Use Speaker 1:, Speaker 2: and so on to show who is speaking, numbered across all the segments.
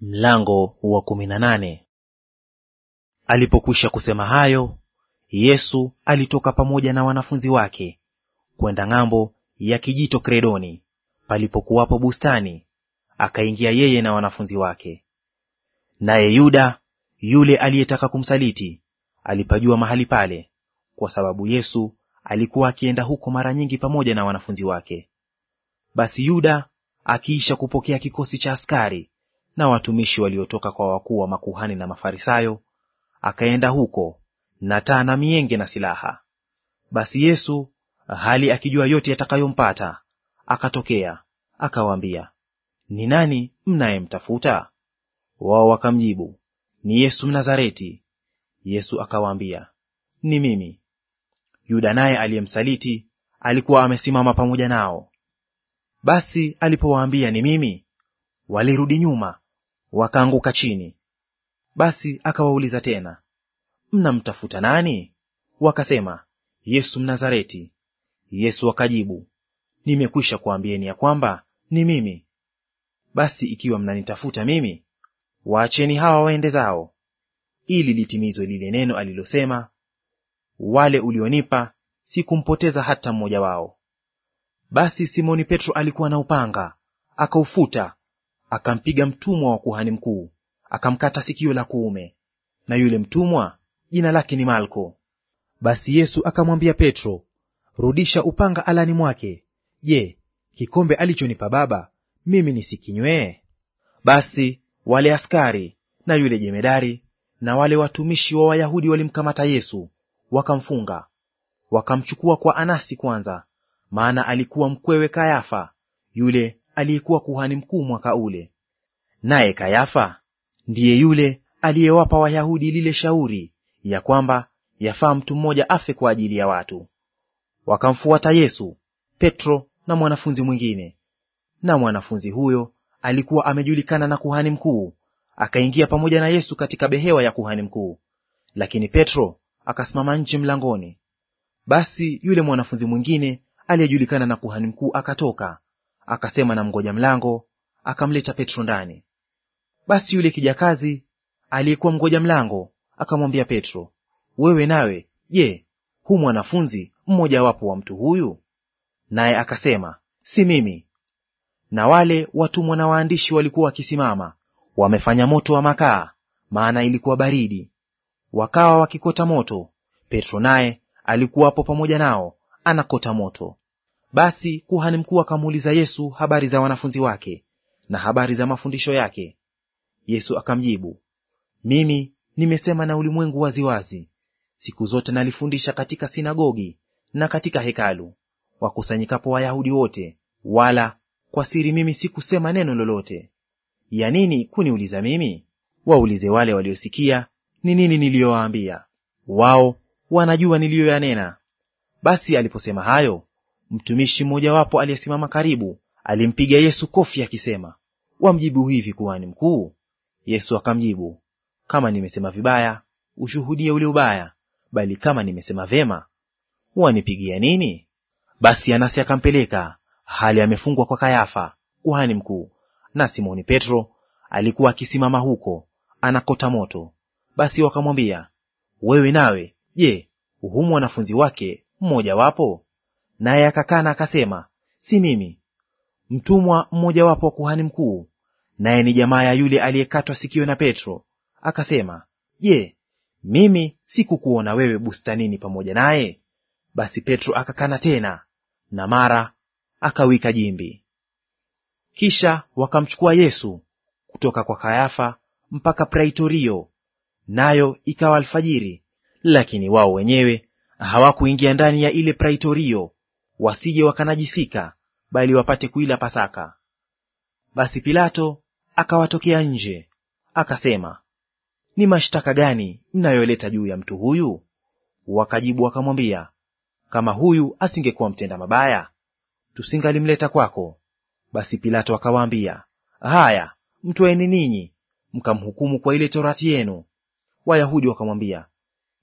Speaker 1: Mlango wa kumi na nane. Alipokwisha kusema hayo, Yesu alitoka pamoja na wanafunzi wake kwenda ng'ambo ya kijito Kredoni, palipokuwapo bustani, akaingia yeye na wanafunzi wake. Naye Yuda yule aliyetaka kumsaliti alipajua mahali pale, kwa sababu Yesu alikuwa akienda huko mara nyingi pamoja na wanafunzi wake. Basi Yuda akiisha kupokea kikosi cha askari na watumishi waliotoka kwa wakuu wa makuhani na Mafarisayo, akaenda huko na taa na mienge na silaha. Basi Yesu hali akijua yote yatakayompata, akatokea akawaambia, ni nani mnayemtafuta? Wao wakamjibu, ni Yesu Mnazareti. Yesu akawaambia, ni mimi. Yuda naye aliyemsaliti alikuwa amesimama pamoja nao. Basi alipowaambia ni mimi, walirudi nyuma wakaanguka chini. Basi akawauliza tena, mnamtafuta nani? Wakasema, Yesu Mnazareti. Yesu akajibu, nimekwisha kuambieni ya kwamba ni mimi. Basi ikiwa mnanitafuta mimi, waacheni hawa waende zao, ili litimizwe lile neno alilosema, wale ulionipa sikumpoteza hata mmoja wao. Basi Simoni Petro alikuwa na upanga, akaufuta akampiga mtumwa wa kuhani mkuu, akamkata sikio la kuume, na yule mtumwa jina lake ni Malko. Basi Yesu akamwambia Petro, rudisha upanga alani mwake. Je, kikombe alichonipa Baba mimi nisikinywee? Basi wale askari na yule jemedari na wale watumishi wa Wayahudi walimkamata Yesu, wakamfunga. Wakamchukua kwa Anasi kwanza, maana alikuwa mkwewe Kayafa, yule aliyekuwa kuhani mkuu mwaka ule. Naye Kayafa ndiye yule aliyewapa Wayahudi lile shauri ya kwamba yafaa mtu mmoja afe kwa ajili ya watu. Wakamfuata Yesu, Petro na mwanafunzi mwingine. Na mwanafunzi huyo alikuwa amejulikana na kuhani mkuu, akaingia pamoja na Yesu katika behewa ya kuhani mkuu. Lakini Petro akasimama nje mlangoni. Basi yule mwanafunzi mwingine aliyejulikana na kuhani mkuu akatoka, Akasema na mgoja mlango, akamleta Petro ndani. Basi yule kijakazi aliyekuwa mgoja mlango akamwambia Petro, wewe nawe je, hu mwanafunzi mmojawapo wa mtu huyu? Naye akasema si mimi. Na wale watumwa na waandishi walikuwa wakisimama wamefanya moto wa makaa, maana ilikuwa baridi, wakawa wakikota moto. Petro naye alikuwapo pamoja nao anakota moto. Basi kuhani mkuu akamuuliza Yesu habari za wanafunzi wake na habari za mafundisho yake. Yesu akamjibu, mimi nimesema na ulimwengu waziwazi. Siku zote nalifundisha katika sinagogi na katika hekalu, wakusanyikapo Wayahudi wote, wala kwa siri mimi sikusema neno lolote. Ya nini kuniuliza mimi? Waulize wale waliosikia ni nini niliyowaambia; wao wanajua niliyoyanena. Basi aliposema hayo Mtumishi mmojawapo aliyesimama karibu alimpiga Yesu kofi akisema, wamjibu hivi kuhani mkuu? Yesu akamjibu, kama nimesema vibaya, ushuhudie ule ubaya; bali kama nimesema vyema, wanipigia nini? Basi Anasi akampeleka hali amefungwa kwa Kayafa kuhani mkuu, na Simoni Petro alikuwa akisimama huko anakota moto. Basi wakamwambia, wewe nawe je, humu wanafunzi wake mmojawapo? Naye akakana akasema, si mimi. Mtumwa mmojawapo wa kuhani mkuu, naye ni jamaa ya yule aliyekatwa sikio na Petro, akasema, Je, mimi sikukuona wewe bustanini pamoja naye? Basi Petro akakana tena, na mara akawika jimbi. Kisha wakamchukua Yesu kutoka kwa Kayafa mpaka Praitorio, nayo ikawa alfajiri, lakini wao wenyewe hawakuingia ndani ya ile Praitorio, wasije wakanajisika, bali wapate kuila Pasaka. Basi Pilato akawatokea nje, akasema, ni mashtaka gani mnayoleta juu ya mtu huyu? Wakajibu wakamwambia, kama huyu asingekuwa mtenda mabaya, tusingalimleta kwako. Basi Pilato akawaambia, haya, mtweni ninyi mkamhukumu kwa ile torati yenu. Wayahudi wakamwambia,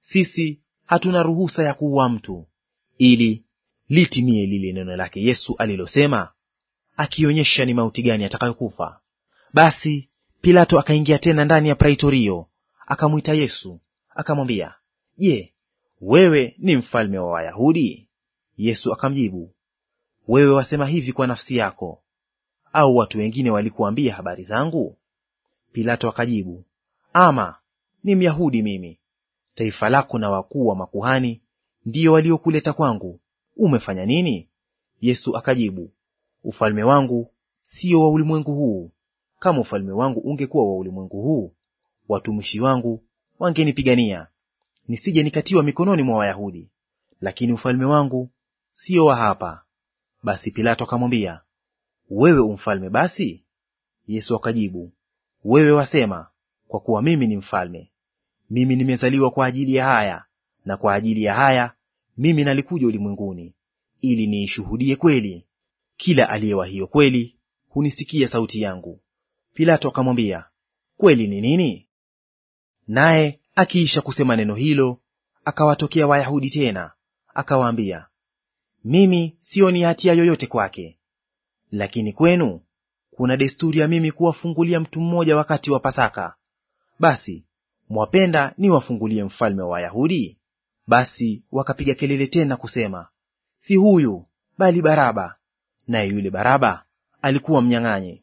Speaker 1: sisi hatuna ruhusa ya kuua mtu, ili litimie lile neno lake Yesu alilosema, akionyesha ni mauti gani atakayokufa. Basi Pilato akaingia tena ndani ya praitorio, akamwita Yesu akamwambia, Je, wewe ni mfalme wa Wayahudi? Yesu akamjibu, wewe wasema hivi kwa nafsi yako, au watu wengine walikuambia habari zangu? Pilato akajibu, ama ni Myahudi mimi? Taifa lako na wakuu wa makuhani ndiyo waliokuleta kwangu, umefanya nini? Yesu akajibu, ufalme wangu sio wa ulimwengu huu. Kama ufalme wangu ungekuwa wa ulimwengu huu, watumishi wangu wangenipigania, nisije nikatiwa mikononi mwa Wayahudi, lakini ufalme wangu sio wa hapa. Basi Pilato akamwambia, wewe umfalme basi? Yesu akajibu, wewe wasema, kwa kuwa mimi ni mfalme. Mimi nimezaliwa kwa ajili ya haya na kwa ajili ya haya mimi nalikuja ulimwenguni ili niishuhudie kweli. Kila aliyewahiyo kweli hunisikia sauti yangu. Pilato akamwambia, kweli ni nini? Naye akiisha kusema neno hilo, akawatokea Wayahudi tena, akawaambia, mimi sioni hatia yoyote kwake. Lakini kwenu kuna desturi ya mimi kuwafungulia mtu mmoja wakati wa Pasaka. Basi mwapenda niwafungulie mfalme wa Wayahudi? Basi wakapiga kelele tena kusema, si huyu, bali Baraba. Naye yule Baraba alikuwa mnyang'anye.